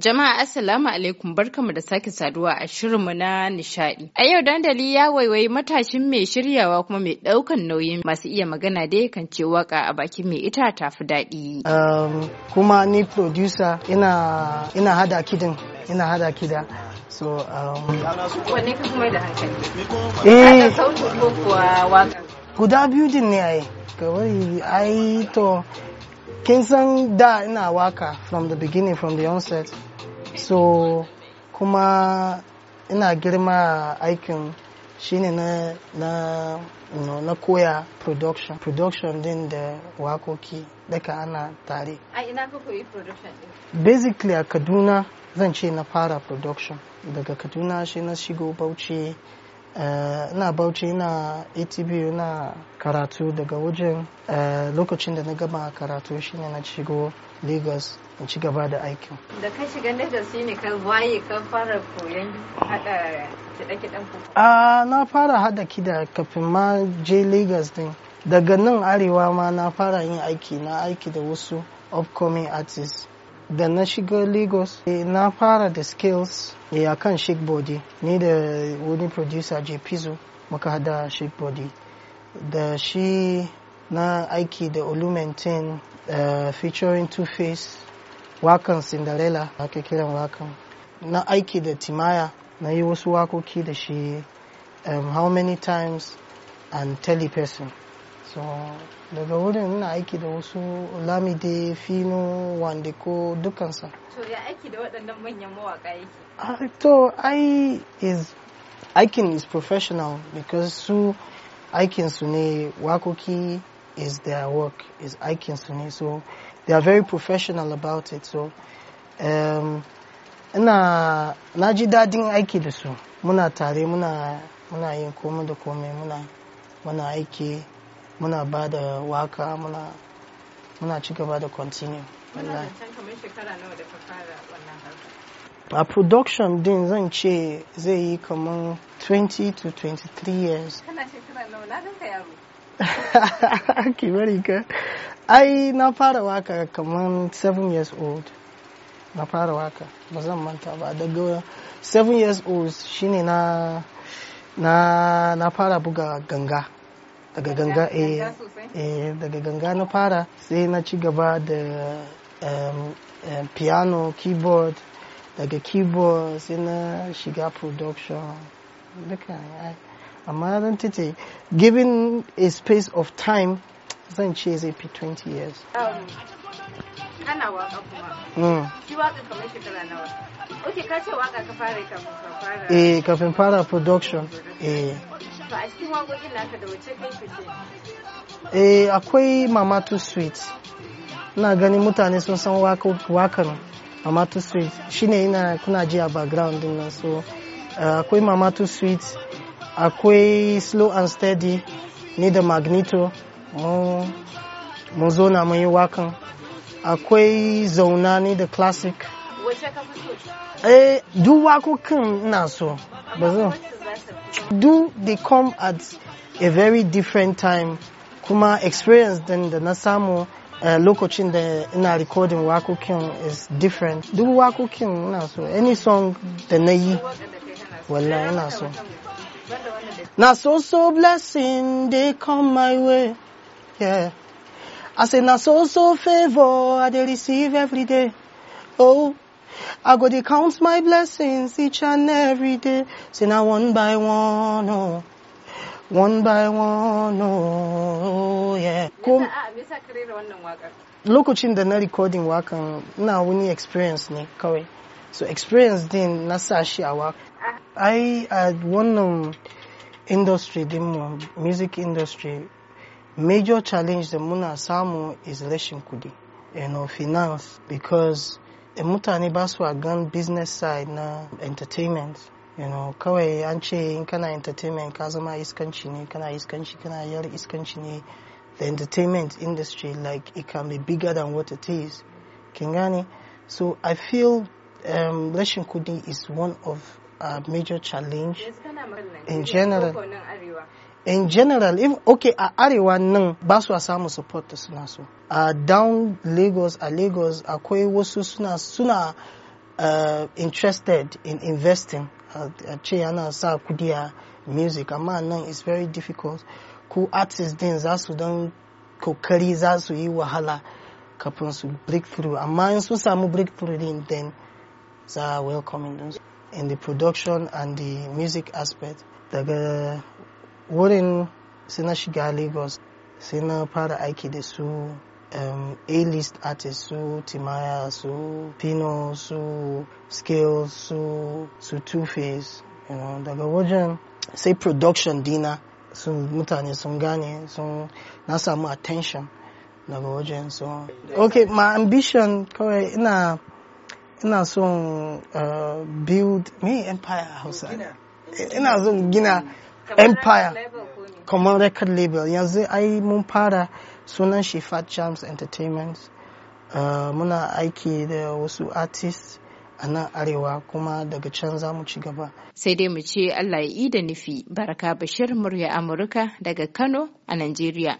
Jama'a Assalamu alaikum barkamu da sake saduwa a shirinmu na nishadi. A yau dandali ya waiwai matashin mai shiryawa kuma mai daukan nauyin masu iya magana da kan ce waka a bakin mai ita tafi daɗi. Um, kuma ni producer ina ina hada kidin ina hada kida so um, wanne ka kuma da hankali eh sauti ko kuwa waka guda biyu din ne yi. kawai ai to kin san da ina waka from the beginning from the onset so kuma ina girma aikin shine na na no, na koya production production din da wakoki daga ana tare a ina ka koyi production din basically a kaduna zan ce na fara production daga kaduna shi na shigo bauchi Eh, ina bauchi na atb na karatu daga wajen eh, lokacin da na gama karatu shine na shigo lagos in ci gaba da aikin da ka shiga lagos ne ka waye ka fara koyon hada kiɗe-kiɗen a ah, na fara hada kida kafin ma je lagos din daga nan arewa ma na fara yin aiki na aiki da wasu upcoming artists da na shiga lagos eh, na fara da skills eh, a kan shake body ni da wani producer je pizzo muka hada shake body da shi na aiki da olumentin uh, eh, featuring two face wakan cinderella ake kiran wakan na aiki da timaya na yi wasu wakoki da shi um, how many times and teleperson so daga wurin ina aiki da wasu lamide fino wande ko dukansa to ya aiki da waɗannan manyan mawaka yake ah, to ai is aikin is professional because su aikinsu ne wakoki is their work is aikinsu ne so they are very professional about it so um, ina na ji dadin aiki da su muna tare muna yin komai da komai muna aiki muna ba da waka muna muna ci gaba da continue wallahi kamar shekara nawa da ka fara wannan harka a production din zan ce zai yi kamar 20 to 23 years kana shekara nawa na ganka yaro ki bari ka ai na fara waka kamar 7 years old na fara waka ba zan manta ba daga 7 years old shine na na na fara buga ganga daga ganga eh, eh daga ganga na fara sai na ci gaba da piano keyboard daga keyboard sai na shiga production duka amma zan tete given a space of time zan ce zai fi 20 years kana um, waka kuma hmm. shi waka kamar shekara nawa ok ka ce waka ka fara kafin fara eh kafin fara production eh Eh akwai Mama Too Sweet. Ina ganin mutane sun san wakan Mama Too Sweet. Shine ina kuna ji a background din nan so eh, akwai Mama Too Sweet. Akwai Slow and Steady ni da Magneto mun zo na mun yi wakan. Akwai Zauna ni da Classic. eh duk wakokin ina so do they come at a very different time kuma experience din eh, da na samu Uh, lokacin da ina recording wakokin is different Do duk wakokin na so any song the na yi na so na so so blessing they come my way yeah i say na so so favour i dey receive every day oh I go dey count my blessings each and every day. Say now one by one, oh. One by one, oh, yeah. Lokacin da na recording wakan we wani experience ne kawai. So experience din na sa shi a waka. wannan ah. um, industry dinmu, music industry, major challenge da muna samu is rashin kudi, you know, finance because Eh, mutane ba su a gan business side na entertainment you know kawai an ce in kana entertainment ka zama iskanci ne kana iskanci kana yar iskanci ne the entertainment industry like it can be bigger than what it is kin gane so i feel um, rashin kudi is one of a major challenge in general in general if okay a arewa nan ba su a samu support suna so a down lagos a lagos akwai wasu suna suna uh, interested in investing a ce yana sa kudi a music amma nan is very difficult ku artist din za su don kokari za su yi wahala kafin su breakthrough amma in sun samu breakthrough din then za welcoming in the production and the music aspect daga wurin sai na shiga lagos sai na fara aiki da su um, a-list artists su timaya su pino su Scales, su su two face you know, daga wajen sai production dina sun mutane sun gane sun na samu attention daga wajen so okay my ambition kawai ina ina son uh, build me empire hausa ina son gina empire kamar record label yanzu ai mun fara sunan shi fat jams entertainment uh, muna aiki da wasu artists a nan arewa kuma daga can za mu ci gaba. Sai dai mu ce Allah ya yi da nufi Baraka Bashir murya Amurka daga Kano a Najeriya.